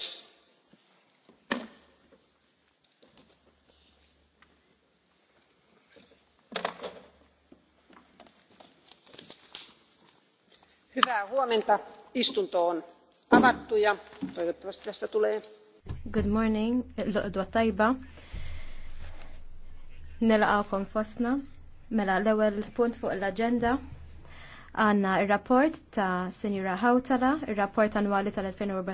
nofs hyvää huomenta istunto on avattu ja toivottavasti tästä tulee good morning l taiba. tajba nilqawkom fosna mela l-ewwel punt fuq l agenda Għanna il rapport ta' Senjura Hautala, il rapport annuali tal-2014